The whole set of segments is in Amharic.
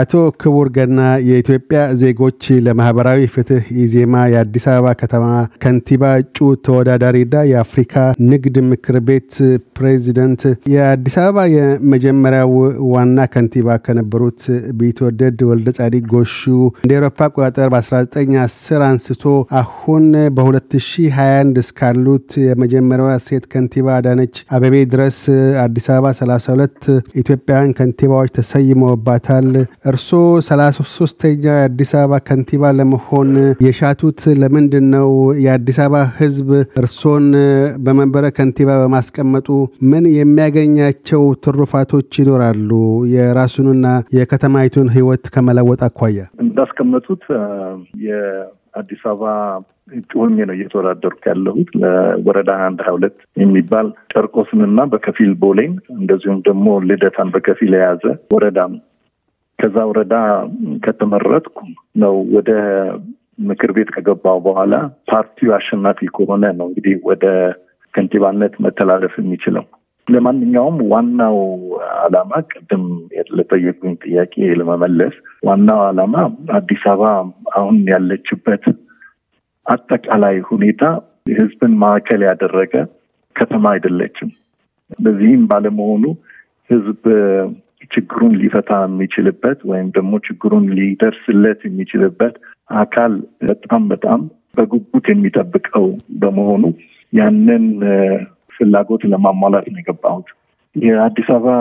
አቶ ክቡር ገና የኢትዮጵያ ዜጎች ለማህበራዊ ፍትህ ኢዜማ የአዲስ አበባ ከተማ ከንቲባ እጩ ተወዳዳሪና የአፍሪካ ንግድ ምክር ቤት ፕሬዚደንት፣ የአዲስ አበባ የመጀመሪያው ዋና ከንቲባ ከነበሩት ቢትወደድ ወልደ ጻዲቅ ጎሹ እንደ ኤሮፓ አቆጣጠር በ1910 አንስቶ አሁን በ2021 እስካሉት የመጀመሪያዋ ሴት ከንቲባ አዳነች አቤቤ ድረስ አዲስ አበባ 32 ኢትዮጵያውያን ከንቲባዎች ተሰይመውባታል። እርስዎ ሰላሳ ሶስተኛ የአዲስ አበባ ከንቲባ ለመሆን የሻቱት ለምንድን ነው? የአዲስ አበባ ሕዝብ እርስዎን በመንበረ ከንቲባ በማስቀመጡ ምን የሚያገኛቸው ትሩፋቶች ይኖራሉ? የራሱንና የከተማይቱን ሕይወት ከመለወጥ አኳያ እንዳስቀመጡት የአዲስ አበባ እጩ ሆኜ ነው እየተወዳደርኩ ያለሁት ለወረዳ አንድ ሀያ ሁለት የሚባል ጨርቆስንና በከፊል ቦሌን እንደዚሁም ደግሞ ልደታን በከፊል የያዘ ወረዳ ነው። ከዛ ወረዳ ከተመረጥኩ ነው ወደ ምክር ቤት ከገባው በኋላ ፓርቲው አሸናፊ ከሆነ ነው እንግዲህ ወደ ከንቲባነት መተላለፍ የሚችለው። ለማንኛውም ዋናው ዓላማ ቅድም ለጠየቁኝ ጥያቄ ለመመለስ ዋናው ዓላማ አዲስ አበባ አሁን ያለችበት አጠቃላይ ሁኔታ ህዝብን ማዕከል ያደረገ ከተማ አይደለችም። በዚህም ባለመሆኑ ህዝብ ችግሩን ሊፈታ የሚችልበት ወይም ደግሞ ችግሩን ሊደርስለት የሚችልበት አካል በጣም በጣም በጉጉት የሚጠብቀው በመሆኑ ያንን ፍላጎት ለማሟላት ነው የገባሁት። የአዲስ አበባ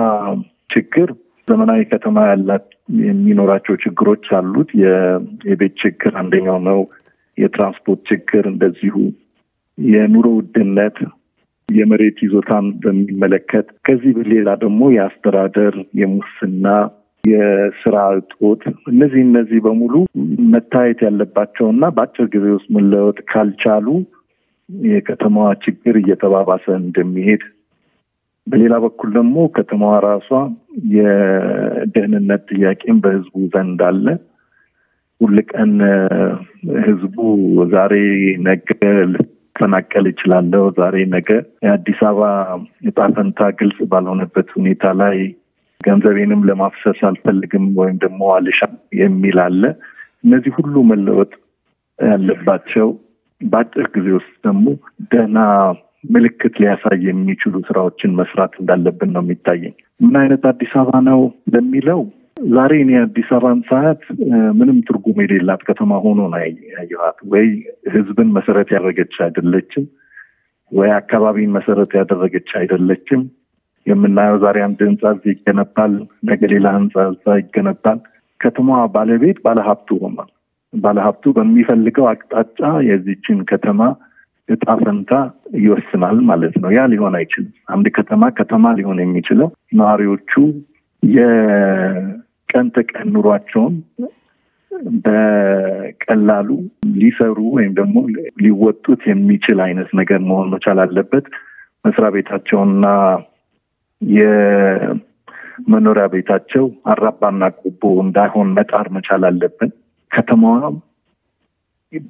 ችግር ዘመናዊ ከተማ ያላት የሚኖራቸው ችግሮች አሉት። የቤት ችግር አንደኛው ነው። የትራንስፖርት ችግር እንደዚሁ፣ የኑሮ ውድነት የመሬት ይዞታን በሚመለከት ከዚህ ሌላ ደግሞ የአስተዳደር፣ የሙስና የስራ እጦት እነዚህ እነዚህ በሙሉ መታየት ያለባቸው እና በአጭር ጊዜ ውስጥ መለወጥ ካልቻሉ የከተማዋ ችግር እየተባባሰ እንደሚሄድ፣ በሌላ በኩል ደግሞ ከተማዋ ራሷ የደህንነት ጥያቄም በህዝቡ ዘንድ አለ። ሁልቀን ህዝቡ ዛሬ ነገ ልፈናቀል ይችላለሁ፣ ዛሬ ነገ። የአዲስ አበባ የጣፈንታ ፈንታ ግልጽ ባልሆነበት ሁኔታ ላይ ገንዘቤንም ለማፍሰስ አልፈልግም ወይም ደግሞ አልሻም የሚል አለ። እነዚህ ሁሉ መለወጥ ያለባቸው በአጭር ጊዜ ውስጥ ደግሞ ደህና ምልክት ሊያሳይ የሚችሉ ስራዎችን መስራት እንዳለብን ነው የሚታየኝ። ምን አይነት አዲስ አበባ ነው ለሚለው ዛሬ እኔ አዲስ አበባን ሰዓት ምንም ትርጉም የሌላት ከተማ ሆኖ ነው ያየኋት። ወይ ህዝብን መሰረት ያደረገች አይደለችም፣ ወይ አካባቢን መሰረት ያደረገች አይደለችም። የምናየው ዛሬ አንድ ህንፃ እዚህ ይገነባል፣ ነገ ሌላ ህንፃ እዛ ይገነባል። ከተማዋ ባለቤት ባለሀብቱ ሆኗል። ባለሀብቱ በሚፈልገው አቅጣጫ የዚችን ከተማ እጣ ፈንታ ይወስናል ማለት ነው። ያ ሊሆን አይችልም። አንድ ከተማ ከተማ ሊሆን የሚችለው ነዋሪዎቹ ቀን ተቀን ኑሯቸውን በቀላሉ ሊሰሩ ወይም ደግሞ ሊወጡት የሚችል አይነት ነገር መሆን መቻል አለበት። መስሪያ ቤታቸውና የመኖሪያ ቤታቸው አራባና ቆቦ እንዳይሆን መጣር መቻል አለብን። ከተማዋ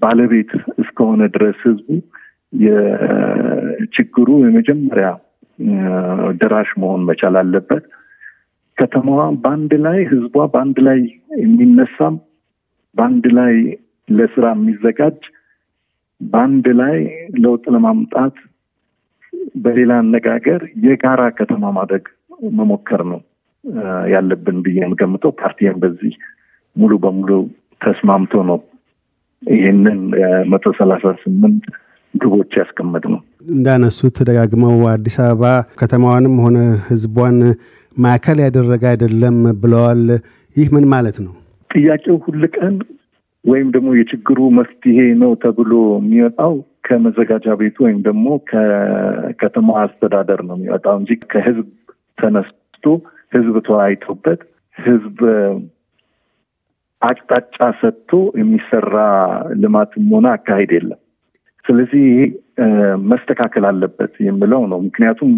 ባለቤት እስከሆነ ድረስ ህዝቡ የችግሩ የመጀመሪያ ደራሽ መሆን መቻል አለበት። ከተማዋ በአንድ ላይ ህዝቧ በአንድ ላይ የሚነሳ በአንድ ላይ ለስራ የሚዘጋጅ በአንድ ላይ ለውጥ ለማምጣት በሌላ አነጋገር የጋራ ከተማ ማድረግ መሞከር ነው ያለብን ብዬ የምገምጠው። ፓርቲያን በዚህ ሙሉ በሙሉ ተስማምቶ ነው ይህንን መቶ ሰላሳ ስምንት ግቦች ያስቀመጥ ነው። እንዳነሱት ደጋግመው አዲስ አበባ ከተማዋንም ሆነ ህዝቧን ማዕከል ያደረገ አይደለም ብለዋል። ይህ ምን ማለት ነው? ጥያቄው ሁል ቀን ወይም ደግሞ የችግሩ መፍትሄ ነው ተብሎ የሚወጣው ከመዘጋጃ ቤቱ ወይም ደግሞ ከከተማ አስተዳደር ነው የሚወጣው እንጂ ከህዝብ ተነስቶ ህዝብ ተወያይቶበት ህዝብ አቅጣጫ ሰጥቶ የሚሰራ ልማትም ሆነ አካሄድ የለም። ስለዚህ መስተካከል አለበት የሚለው ነው። ምክንያቱም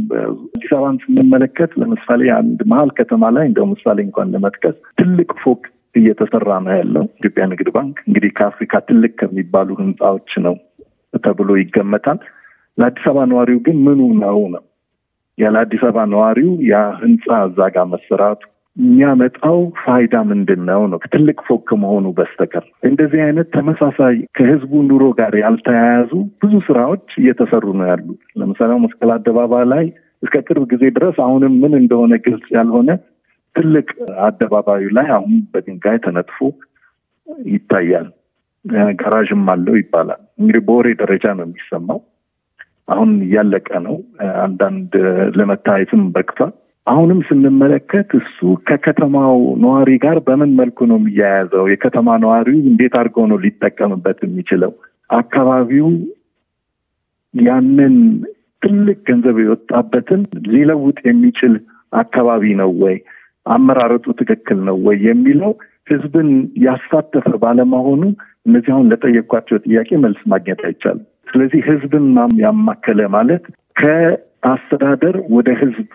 አዲስ አበባን ስንመለከት ለምሳሌ አንድ መሀል ከተማ ላይ እንደው ምሳሌ እንኳን ለመጥቀስ ትልቅ ፎቅ እየተሰራ ነው ያለው ኢትዮጵያ ንግድ ባንክ እንግዲህ ከአፍሪካ ትልቅ ከሚባሉ ህንፃዎች ነው ተብሎ ይገመታል። ለአዲስ አበባ ነዋሪው ግን ምኑ ነው ነው ያለ አዲስ አበባ ነዋሪው ያ ህንፃ እዛ ጋር መሰራቱ የሚያመጣው ፋይዳ ምንድን ነው ነው ትልቅ ፎቅ ከመሆኑ በስተቀር እንደዚህ አይነት ተመሳሳይ ከህዝቡ ኑሮ ጋር ያልተያያዙ ብዙ ስራዎች እየተሰሩ ነው ያሉ። ለምሳሌ መስቀል አደባባይ ላይ እስከ ቅርብ ጊዜ ድረስ አሁንም ምን እንደሆነ ግልጽ ያልሆነ ትልቅ አደባባዩ ላይ አሁን በድንጋይ ተነጥፎ ይታያል። ጋራዥም አለው ይባላል። እንግዲህ በወሬ ደረጃ ነው የሚሰማው። አሁን እያለቀ ነው። አንዳንድ ለመታየትም በቅቷል። አሁንም ስንመለከት እሱ ከከተማው ነዋሪ ጋር በምን መልኩ ነው የሚያያዘው? የከተማ ነዋሪው እንዴት አድርገው ነው ሊጠቀምበት የሚችለው? አካባቢው ያንን ትልቅ ገንዘብ የወጣበትን ሊለውጥ የሚችል አካባቢ ነው ወይ? አመራረጡ ትክክል ነው ወይ የሚለው ህዝብን ያሳተፈ ባለመሆኑ እነዚህ አሁን ለጠየኳቸው ጥያቄ መልስ ማግኘት አይቻልም። ስለዚህ ህዝብን ያማከለ ማለት ከአስተዳደር ወደ ህዝብ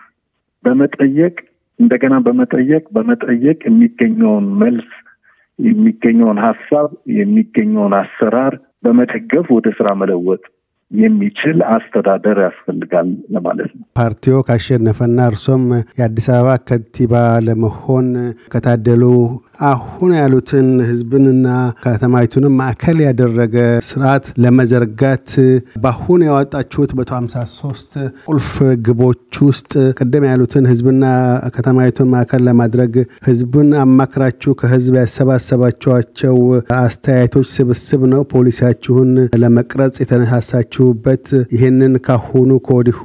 በመጠየቅ እንደገና በመጠየቅ በመጠየቅ የሚገኘውን መልስ የሚገኘውን ሀሳብ የሚገኘውን አሰራር በመደገፍ ወደ ስራ መለወጥ የሚችል አስተዳደር ያስፈልጋል ለማለት ነው። ፓርቲዎ ካሸነፈና እርሶም የአዲስ አበባ ከንቲባ ለመሆን ከታደሉ አሁን ያሉትን ህዝብንና ከተማይቱንም ማዕከል ያደረገ ስርዓት ለመዘርጋት በአሁን ያወጣችሁት መቶ ሃምሳ ሶስት ቁልፍ ግቦች ውስጥ ቅድም ያሉትን ህዝብና ከተማይቱን ማዕከል ለማድረግ ህዝብን አማክራችሁ ከህዝብ ያሰባሰባችኋቸው አስተያየቶች ስብስብ ነው ፖሊሲያችሁን ለመቅረጽ የተነሳሳችሁ ያላችሁበት ይሄንን ካሁኑ ከወዲሁ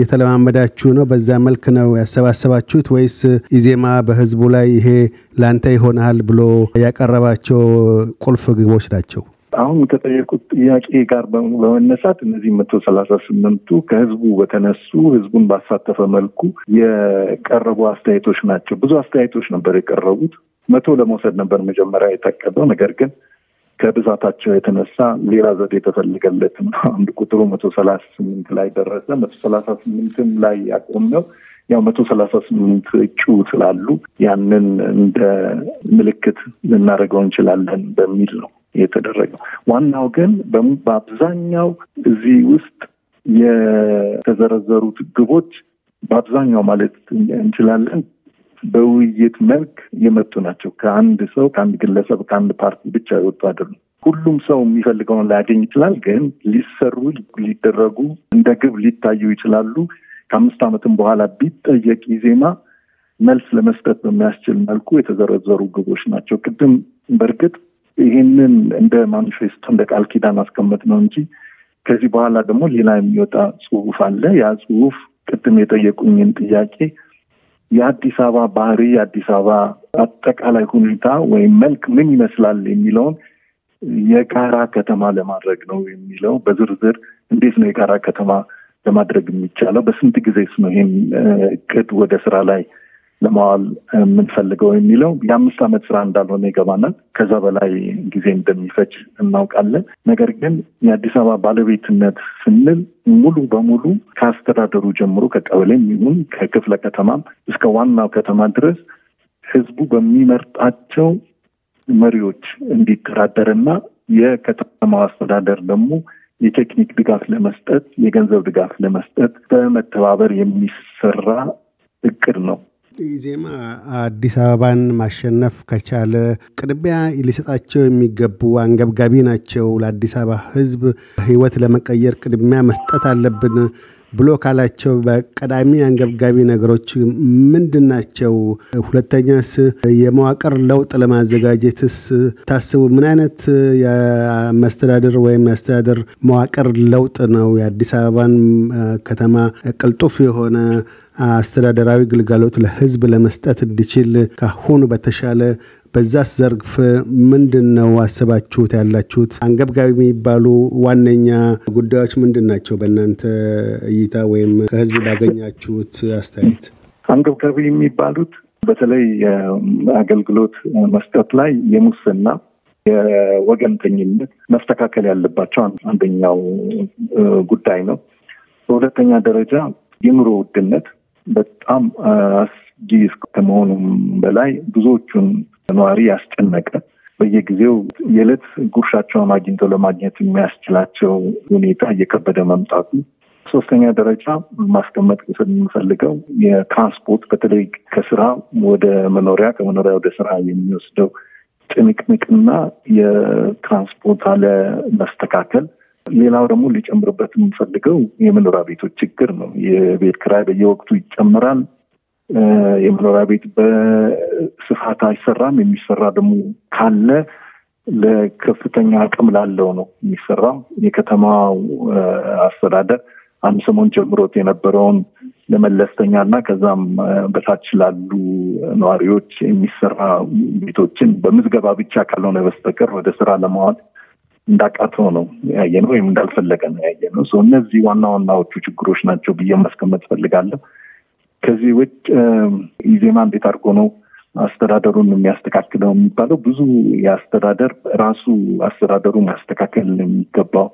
የተለማመዳችሁ ነው? በዛ መልክ ነው ያሰባሰባችሁት ወይስ ኢዜማ በህዝቡ ላይ ይሄ ላንተ ይሆናል ብሎ ያቀረባቸው ቁልፍ ግቦች ናቸው? አሁን ከጠየቁት ጥያቄ ጋር በመነሳት እነዚህ መቶ ሰላሳ ስምንቱ ከህዝቡ በተነሱ ህዝቡን ባሳተፈ መልኩ የቀረቡ አስተያየቶች ናቸው። ብዙ አስተያየቶች ነበር የቀረቡት። መቶ ለመውሰድ ነበር መጀመሪያ የታቀደው ነገር ግን ከብዛታቸው የተነሳ ሌላ ዘዴ የተፈለገለትም አንድ ቁጥሩ መቶ ሰላሳ ስምንት ላይ ደረሰ። መቶ ሰላሳ ስምንትም ላይ ነው ያው መቶ ሰላሳ ስምንት እጩ ስላሉ ያንን እንደ ምልክት ልናደርገው እንችላለን በሚል ነው የተደረገው። ዋናው ግን በአብዛኛው እዚህ ውስጥ የተዘረዘሩት ግቦች በአብዛኛው ማለት እንችላለን በውይይት መልክ የመጡ ናቸው። ከአንድ ሰው ከአንድ ግለሰብ ከአንድ ፓርቲ ብቻ የወጡ አይደሉም። ሁሉም ሰው የሚፈልገውን ላያገኝ ይችላል። ግን ሊሰሩ ሊደረጉ እንደ ግብ ሊታዩ ይችላሉ። ከአምስት ዓመትም በኋላ ቢጠየቅ ኢዜማ መልስ ለመስጠት በሚያስችል መልኩ የተዘረዘሩ ግቦች ናቸው። ቅድም በእርግጥ ይህንን እንደ ማኒፌስቶ እንደ ቃል ኪዳን አስቀመጥ ነው እንጂ ከዚህ በኋላ ደግሞ ሌላ የሚወጣ ጽሁፍ አለ። ያ ጽሁፍ ቅድም የጠየቁኝን ጥያቄ የአዲስ አበባ ባህሪ የአዲስ አበባ አጠቃላይ ሁኔታ ወይም መልክ ምን ይመስላል የሚለውን የጋራ ከተማ ለማድረግ ነው የሚለው በዝርዝር እንዴት ነው የጋራ ከተማ ለማድረግ የሚቻለው? በስንት ጊዜስ ነው ይህም እቅድ ወደ ስራ ላይ ለማዋል የምንፈልገው የሚለው የአምስት ዓመት ስራ እንዳልሆነ ይገባናል። ከዛ በላይ ጊዜ እንደሚፈጅ እናውቃለን። ነገር ግን የአዲስ አበባ ባለቤትነት ስንል ሙሉ በሙሉ ከአስተዳደሩ ጀምሮ ከቀበሌም ይሁን ከክፍለ ከተማም እስከ ዋናው ከተማ ድረስ ህዝቡ በሚመርጣቸው መሪዎች እንዲተዳደርና የከተማው አስተዳደር ደግሞ የቴክኒክ ድጋፍ ለመስጠት የገንዘብ ድጋፍ ለመስጠት በመተባበር የሚሰራ እቅድ ነው። ኢዜማ አዲስ አበባን ማሸነፍ ከቻለ ቅድሚያ ሊሰጣቸው የሚገቡ አንገብጋቢ ናቸው፣ ለአዲስ አበባ ህዝብ ህይወት ለመቀየር ቅድሚያ መስጠት አለብን ብሎ ካላቸው በቀዳሚ አንገብጋቢ ነገሮች ምንድን ናቸው? ሁለተኛስ የመዋቅር ለውጥ ለማዘጋጀትስ ታስቡ ምን አይነት የመስተዳድር ወይም የአስተዳደር መዋቅር ለውጥ ነው የአዲስ አበባን ከተማ ቅልጡፍ የሆነ አስተዳደራዊ ግልጋሎት ለህዝብ ለመስጠት እንዲችል ካሁኑ በተሻለ በዛስ ዘርፍ ምንድን ነው አስባችሁት ያላችሁት? አንገብጋቢ የሚባሉ ዋነኛ ጉዳዮች ምንድን ናቸው? በእናንተ እይታ ወይም ከህዝብ ባገኛችሁት አስተያየት አንገብጋቢ የሚባሉት በተለይ አገልግሎት መስጠት ላይ የሙስና የወገንተኝነት መስተካከል ያለባቸው አንደኛው ጉዳይ ነው። በሁለተኛ ደረጃ የኑሮ ውድነት በጣም አስጊ ከመሆኑም በላይ ብዙዎቹን ነዋሪ ያስጨነቀ በየጊዜው የዕለት ጉርሻቸውን አግኝተው ለማግኘት የሚያስችላቸው ሁኔታ እየከበደ መምጣቱ ሶስተኛ ደረጃ ማስቀመጥ ስንፈልገው የትራንስፖርት በተለይ ከስራ ወደ መኖሪያ ከመኖሪያ ወደ ስራ የሚወስደው ጭንቅንቅና የትራንስፖርት አለመስተካከል ሌላው ደግሞ ሊጨምርበት የምንፈልገው የመኖሪያ ቤቶች ችግር ነው። የቤት ክራይ በየወቅቱ ይጨምራል። የመኖሪያ ቤት በስፋት አይሰራም። የሚሰራ ደግሞ ካለ ለከፍተኛ አቅም ላለው ነው የሚሰራው። የከተማው አስተዳደር አንድ ሰሞን ጀምሮት የነበረውን ለመለስተኛ እና ከዛም በታች ላሉ ነዋሪዎች የሚሰራ ቤቶችን በምዝገባ ብቻ ካልሆነ በስተቀር ወደ ስራ ለማዋል እንዳቃተው ነው ያየ ነው ወይም እንዳልፈለገ ነው ያየ ነው። እነዚህ ዋና ዋናዎቹ ችግሮች ናቸው ብዬ ማስቀመጥ ፈልጋለሁ። ከዚህ ውጭ ኢዜማ እንዴት አድርጎ ነው አስተዳደሩን የሚያስተካክለው የሚባለው ብዙ የአስተዳደር ራሱ አስተዳደሩ ማስተካከል የሚገባው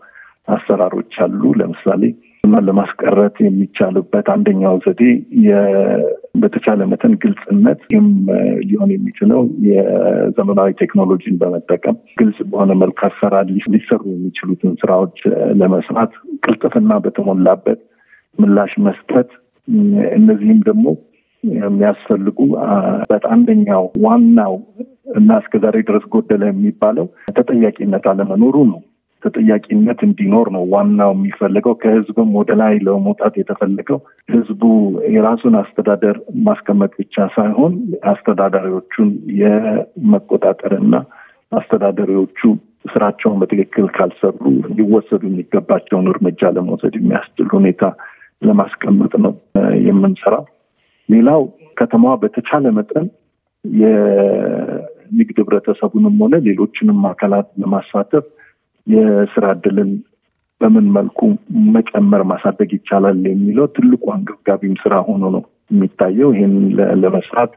አሰራሮች አሉ። ለምሳሌ ለማስቀረት የሚቻሉበት አንደኛው ዘዴ በተቻለ መጠን ግልጽነት፣ ይህም ሊሆን የሚችለው የዘመናዊ ቴክኖሎጂን በመጠቀም ግልጽ በሆነ መልክ አሰራር ሊሰሩ የሚችሉትን ስራዎች ለመስራት ቅልጥፍና በተሞላበት ምላሽ መስጠት እነዚህም ደግሞ የሚያስፈልጉ አንደኛው ዋናው እና እስከዛሬ ድረስ ጎደለ የሚባለው ተጠያቂነት አለመኖሩ ነው። ተጠያቂነት እንዲኖር ነው ዋናው የሚፈለገው። ከህዝብም ወደ ላይ ለመውጣት የተፈለገው ህዝቡ የራሱን አስተዳደር ማስቀመጥ ብቻ ሳይሆን አስተዳዳሪዎቹን የመቆጣጠርና አስተዳዳሪዎቹ ስራቸውን በትክክል ካልሰሩ ሊወሰዱ የሚገባቸውን እርምጃ ለመውሰድ የሚያስችል ሁኔታ ለማስቀመጥ ነው የምንሰራው። ሌላው ከተማዋ በተቻለ መጠን የንግድ ህብረተሰቡንም ሆነ ሌሎችንም አካላት ለማሳተፍ የስራ እድልን በምን መልኩ መጨመር ማሳደግ ይቻላል የሚለው ትልቁ አንገብጋቢም ስራ ሆኖ ነው የሚታየው። ይህን ለመስራት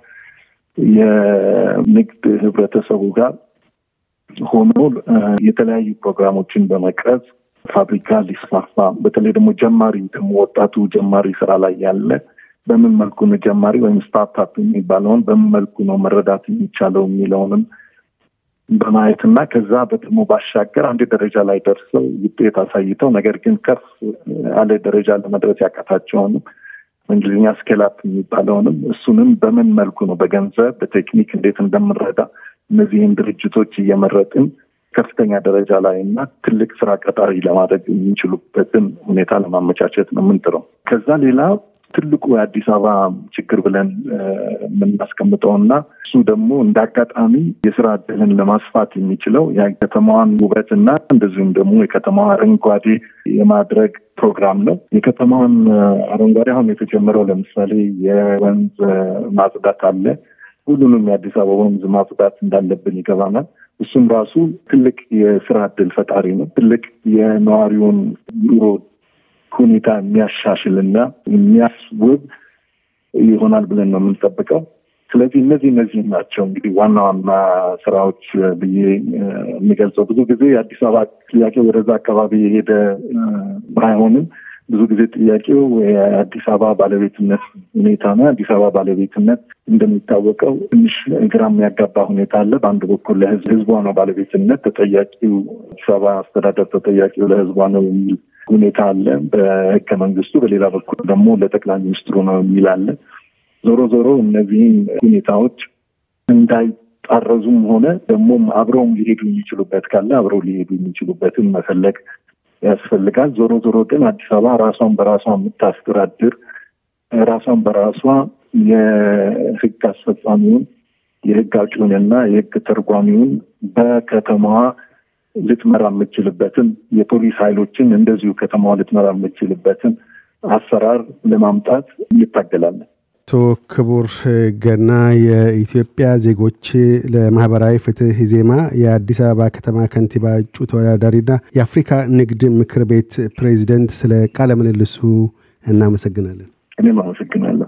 የንግድ ህብረተሰቡ ጋር ሆኖ የተለያዩ ፕሮግራሞችን በመቅረጽ ፋብሪካ ሊስፋፋ በተለይ ደግሞ ጀማሪ ደግሞ ወጣቱ ጀማሪ ስራ ላይ ያለ በምን መልኩ ነው ጀማሪ ወይም ስታርታፕ የሚባለውን በምን መልኩ ነው መረዳት የሚቻለው የሚለውንም በማየትና ከዛ በጥሞ ባሻገር አንድ ደረጃ ላይ ደርሰው ውጤት አሳይተው ነገር ግን ከፍ አለ ደረጃ ለመድረስ ያቃታቸውን በእንግሊዝኛ ስኬላፕ የሚባለውንም እሱንም በምን መልኩ ነው በገንዘብ በቴክኒክ እንዴት እንደምንረዳ እነዚህን ድርጅቶች እየመረጥን ከፍተኛ ደረጃ ላይ እና ትልቅ ስራ ቀጣሪ ለማድረግ የሚችሉበትን ሁኔታ ለማመቻቸት ነው የምንጥረው። ከዛ ሌላ ትልቁ የአዲስ አበባ ችግር ብለን የምናስቀምጠው እና እሱ ደግሞ እንደ አጋጣሚ የስራ እድልን ለማስፋት የሚችለው የከተማዋን ውበት እና እንደዚሁም ደግሞ የከተማዋ አረንጓዴ የማድረግ ፕሮግራም ነው። የከተማዋን አረንጓዴ አሁን የተጀመረው ለምሳሌ የወንዝ ማጽዳት አለ። ሁሉንም የአዲስ አበባ ወንዝ ማጽዳት እንዳለብን ይገባናል። እሱም ራሱ ትልቅ የስራ እድል ፈጣሪ ነው። ትልቅ የነዋሪውን ኑሮ ሁኔታ የሚያሻሽልና የሚያስውብ ይሆናል ብለን ነው የምንጠብቀው። ስለዚህ እነዚህ እነዚህ ናቸው እንግዲህ ዋና ዋና ስራዎች ብዬ የሚገልጸው። ብዙ ጊዜ የአዲስ አበባ ጥያቄ ወደዛ አካባቢ የሄደ ባይሆንም ብዙ ጊዜ ጥያቄው የአዲስ አበባ ባለቤትነት ሁኔታ ነው። የአዲስ አበባ ባለቤትነት እንደሚታወቀው ትንሽ ግራ የሚያጋባ ሁኔታ አለ። በአንድ በኩል ህዝቧ ነው ባለቤትነት፣ ተጠያቂው አዲስ አበባ አስተዳደር ተጠያቂው ለህዝቧ ነው የሚል ሁኔታ አለ በህገ መንግስቱ። በሌላ በኩል ደግሞ ለጠቅላይ ሚኒስትሩ ነው የሚል አለ። ዞሮ ዞሮ እነዚህም ሁኔታዎች እንዳይ ጣረዙም ሆነ ደግሞም አብረውም ሊሄዱ የሚችሉበት ካለ አብረው ሊሄዱ የሚችሉበትን መፈለግ ያስፈልጋል። ዞሮ ዞሮ ግን አዲስ አበባ ራሷን በራሷ የምታስተዳድር ራሷን በራሷ የህግ አስፈጻሚውን የህግ አውጪውንና የህግ ተርጓሚውን በከተማዋ ልትመራ የምችልበትን የፖሊስ ኃይሎችን እንደዚሁ ከተማዋ ልትመራ የምችልበትን አሰራር ለማምጣት እንታገላለን። አቶ ክቡር ገና የኢትዮጵያ ዜጎች ለማህበራዊ ፍትህ ኢዜማ የአዲስ አበባ ከተማ ከንቲባ እጩ ተወዳዳሪና የአፍሪካ ንግድ ምክር ቤት ፕሬዚደንት፣ ስለ ቃለ ምልልሱ እናመሰግናለን። እኔም አመሰግናለሁ።